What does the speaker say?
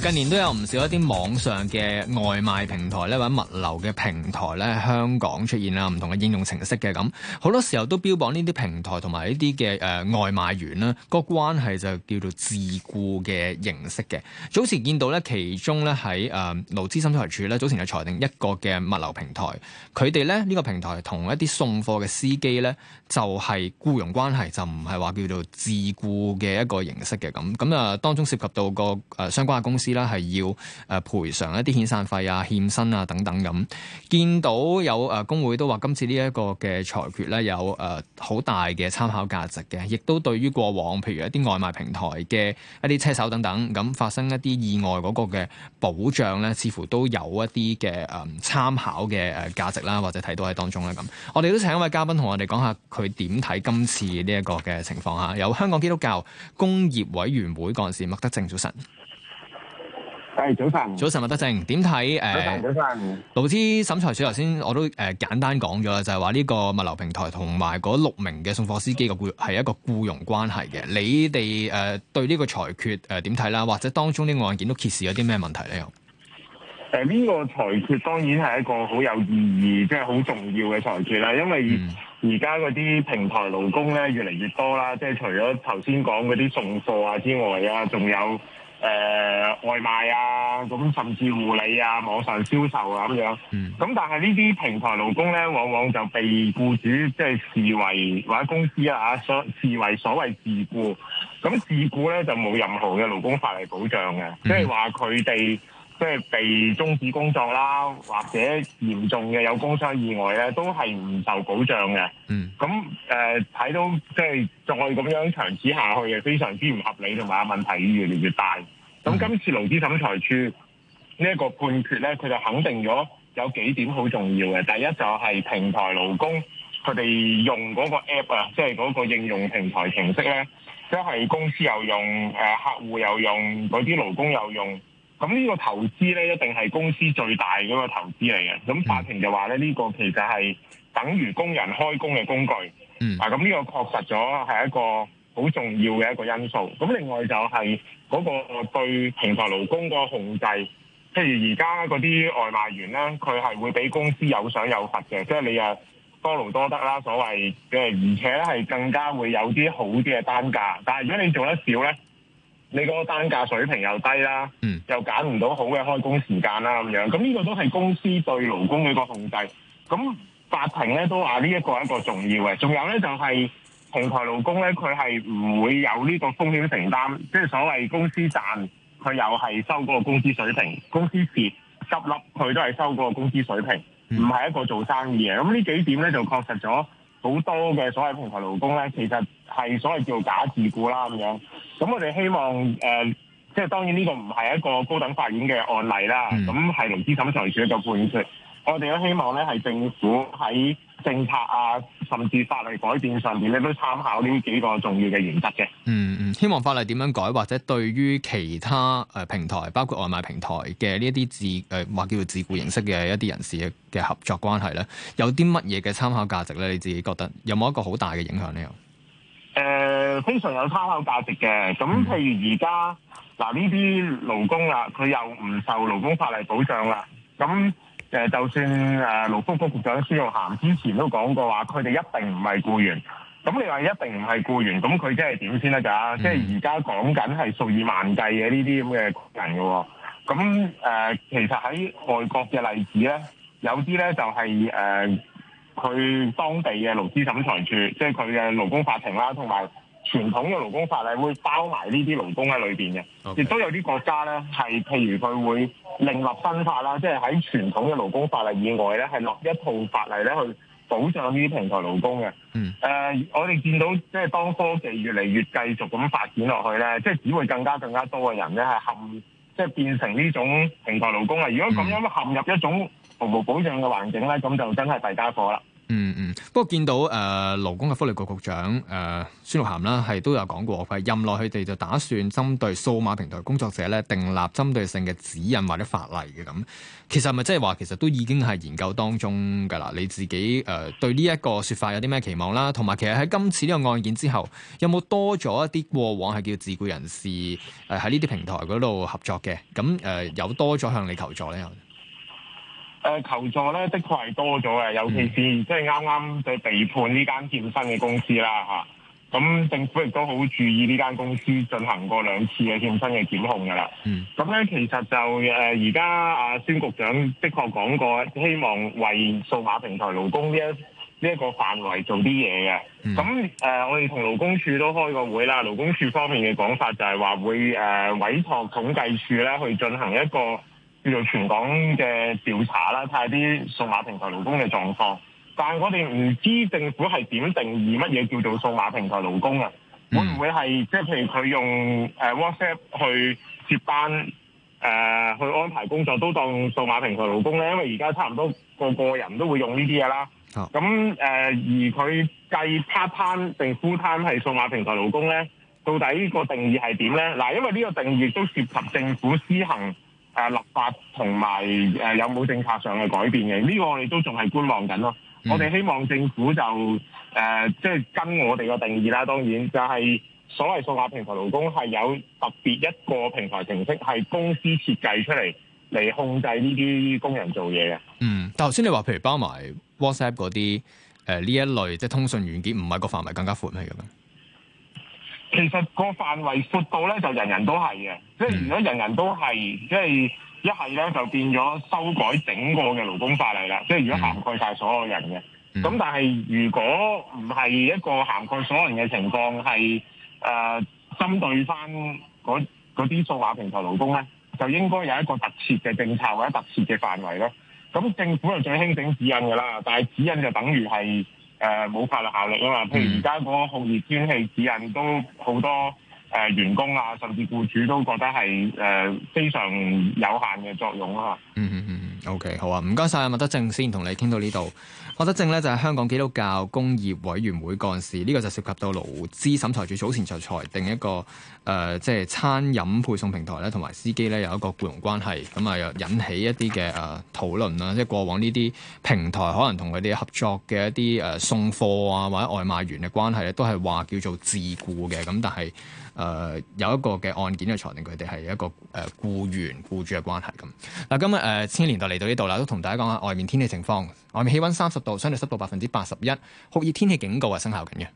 近年都有唔少一啲網上嘅外賣平台咧，或者物流嘅平台咧，香港出現啦，唔同嘅應用程式嘅。咁，好多時候都標榜呢啲平台同埋呢啲嘅誒外賣員啦個關係就叫做自僱嘅形式嘅。早前見到咧，其中咧喺誒勞資審裁處咧，早前就裁定一個嘅物流平台，佢哋咧呢個平台同一啲送貨嘅司機咧就係僱傭關係，就唔係話叫做自僱嘅一個形式嘅。咁，咁啊，當中涉及到個誒、呃、相關嘅公司。啲啦，係要誒賠償一啲遣散費啊、欠薪啊等等咁。見到有誒工會都話，今次呢一個嘅裁決咧有誒好大嘅參考價值嘅，亦都對於過往譬如一啲外賣平台嘅一啲車手等等咁發生一啲意外嗰個嘅保障咧，似乎都有一啲嘅誒參考嘅誒價值啦，或者睇到喺當中啦。咁。我哋都請一位嘉賓同我哋講下佢點睇今次呢一個嘅情況吓。有香港基督教工業委員會幹事麥德正神，早晨。早晨，早晨，麥德正，點睇誒？早晨，早晨。勞資審裁處頭先，我都誒簡單講咗啦，就係話呢個物流平台同埋嗰六名嘅送貨司機個僱係一個僱傭關係嘅。你哋誒對呢個裁決誒點睇啦？或者當中呢個案件都揭示咗啲咩問題咧？又誒，呢個裁決當然係一個好有意義，即係好重要嘅裁決啦。因為而家嗰啲平台勞工咧越嚟越多啦，即係除咗頭先講嗰啲送貨啊之外啊，仲有。誒、呃、外賣啊，咁甚至護理啊，網上銷售啊咁樣。咁但係呢啲平台勞工咧，往往就被僱主即係視為或者公司啊所視為所謂自僱。咁自僱咧就冇任何嘅勞工法嚟保障嘅，即係話佢哋。即係被中止工作啦，或者嚴重嘅有工傷意外咧，都係唔受保障嘅。嗯，咁誒睇到即係再咁樣長此下去嘅，非常之唔合理同埋問題越嚟越大。咁、嗯、今次勞資審裁處呢一個判決咧，佢就肯定咗有幾點好重要嘅。第一就係平台勞工佢哋用嗰個 app 啊，即係嗰個應用平台程式咧，即、就、係、是、公司有用，誒客戶有用，嗰啲勞工有用。咁呢個投資咧，一定係公司最大嗰個投資嚟嘅。咁法庭就話咧，呢個其實係等於工人開工嘅工具。嗯。啊，咁呢個確實咗係一個好重要嘅一個因素。咁另外就係嗰個對平台勞工個控制，譬如而家嗰啲外賣員咧，佢係會俾公司有賞有罰嘅，即係你又多勞多得啦。所謂嘅，而且係更加會有啲好啲嘅單價。但係如果你做得少咧，你個單價水平又低啦，又揀唔到好嘅開工時間啦，咁樣，咁呢個都係公司對勞工嘅一個控制。咁法庭咧都話呢一個係一個重要嘅，仲有咧就係、是、平台勞工咧，佢係唔會有呢個風險承擔，即係所謂公司賺，佢又係收嗰個工資水平；公司蝕，執笠佢都係收嗰個工資水平，唔係一個做生意嘅。咁呢幾點咧就確實咗。好多嘅所謂平台勞工咧，其實係所謂叫做假自僱啦咁樣。咁我哋希望誒，即、呃、係當然呢個唔係一個高等法院嘅案例啦。咁係勞資審裁處嘅判決。我哋都希望咧，係政府喺。政策啊，甚至法例改變上面，你都參考呢幾個重要嘅原則嘅。嗯嗯，希望法例點樣改，或者對於其他誒平台，包括外賣平台嘅呢一啲自誒或叫做自僱形式嘅一啲人士嘅合作關係咧，有啲乜嘢嘅參考價值咧？你自己覺得有冇一個好大嘅影響咧？誒、呃，非常有參考價值嘅。咁譬如而家嗱，呢、嗯、啲勞工啊，佢又唔受勞工法例保障啦。咁誒、嗯，就算誒勞工局局長孫玉菡之前都講過話，佢哋一定唔係僱員。咁你話一定唔係僱員，咁佢即係點先得㗎？即係而家講緊係數以萬計嘅呢啲咁嘅人嘅喎。咁誒、呃，其實喺外國嘅例子咧，有啲咧就係誒佢當地嘅勞資審裁處，即係佢嘅勞工法庭啦，同埋。傳統嘅勞工法例會包埋呢啲勞工喺裏面嘅，亦、okay. 都有啲國家咧係，譬如佢會另立新法啦，即係喺傳統嘅勞工法例以外咧，係立一套法例咧去保障呢啲平台勞工嘅。Mm. Uh, 我哋見到即係當科技越嚟越繼續咁發展落去咧，即係只會更加更加多嘅人咧係陷即係、就是、變成呢種平台勞工啊！如果咁樣陷入一種毫無保障嘅環境咧，咁就真係大家伙啦。嗯嗯，不過見到誒、呃、勞工嘅福利局局長誒、呃、孫玉菡啦，係都有講過，佢任內佢哋就打算針對數碼平台工作者咧訂立針對性嘅指引或者法例嘅。咁，其實係咪即係話其實都已經係研究當中㗎啦？你自己誒、呃、對呢一個説法有啲咩期望啦？同埋其實喺今次呢個案件之後，有冇多咗一啲過往係叫自僱人士誒喺呢啲平台嗰度合作嘅？咁誒、呃、有多咗向你求助咧？誒求助咧，的確係多咗嘅，尤其是即係啱啱係被判呢間欠薪嘅公司啦。咁政府亦都好注意呢間公司進行過兩次嘅欠薪嘅檢控㗎啦。咁、嗯、咧其實就誒而家阿孫局長的確講過，希望為數碼平台勞工呢一呢一個範圍做啲嘢嘅。咁、嗯、誒，我哋同勞工處都開過會啦。勞工處方面嘅講法就係話會誒委託統計處咧去進行一個，叫做全港嘅調查啦，睇下啲數碼平台勞工嘅狀況。但係我哋唔知政府係點定義乜嘢叫做數碼平台勞工啊、嗯？會唔會係即係譬如佢用 WhatsApp 去接班誒、呃、去安排工作都當數碼平台勞工咧？因為而家差唔多個個人都會用呢啲嘢啦。咁、哦、誒而佢計 part time 定 full time 係數碼平台勞工咧？到底個定義係點咧？嗱，因為呢個定義亦都涉及政府施行。誒立法同埋誒有冇政策上嘅改變嘅？呢、呢個我哋都仲係觀望緊咯、嗯。我哋希望政府就誒即係跟我哋個定義啦。當然就係所謂數碼平台勞工係有特別一個平台程式係公司設計出嚟嚟控制呢啲工人做嘢嘅。嗯，但頭先你話譬如包埋 WhatsApp 嗰啲誒呢一類即係通訊軟件，唔係個範圍更加闊咩咁？其實個範圍闊到咧，就人人都係嘅、嗯。即係如果人人都係，即係一係咧，就，是，就變咗修改整個嘅勞工法例啦、嗯。即係如果涵蓋曬所有人嘅，咁、嗯、但係如果唔係一個涵蓋所有人嘅情況，係、呃、針對翻嗰啲數碼平台勞工咧，就應該有一個特設嘅政策或者特設嘅範圍咯。咁政府就最興整指引㗎啦，但係指引就等於係。誒、呃、冇法律效力啊嘛，譬如而家嗰個酷熱天氣指引都好多誒員工啊，甚至雇主都覺得係誒非常有限嘅作用啊嘛。嗯嗯嗯。O.K. 好啊，唔該曬麥德正先，同你傾到呢度。麥德正咧就係、是、香港基督教工業委員會幹事，呢、這個就涉及到勞資審裁處早前就裁定一個誒、呃，即係餐飲配送平台咧同埋司機咧有一個僱傭關係，咁啊又引起一啲嘅誒討論啦。即係過往呢啲平台可能同佢哋合作嘅一啲誒、呃、送貨啊或者外賣員嘅關係咧，都係話叫做自僱嘅咁，但係。誒、呃、有一個嘅案件嘅裁定，佢哋係一個誒僱員僱主嘅關係咁。嗱，今日誒、呃、千年就嚟到呢度啦，都同大家講下外面天氣情況，外面氣溫三十度，相對濕度百分之八十一，酷熱天氣警告係生效緊嘅。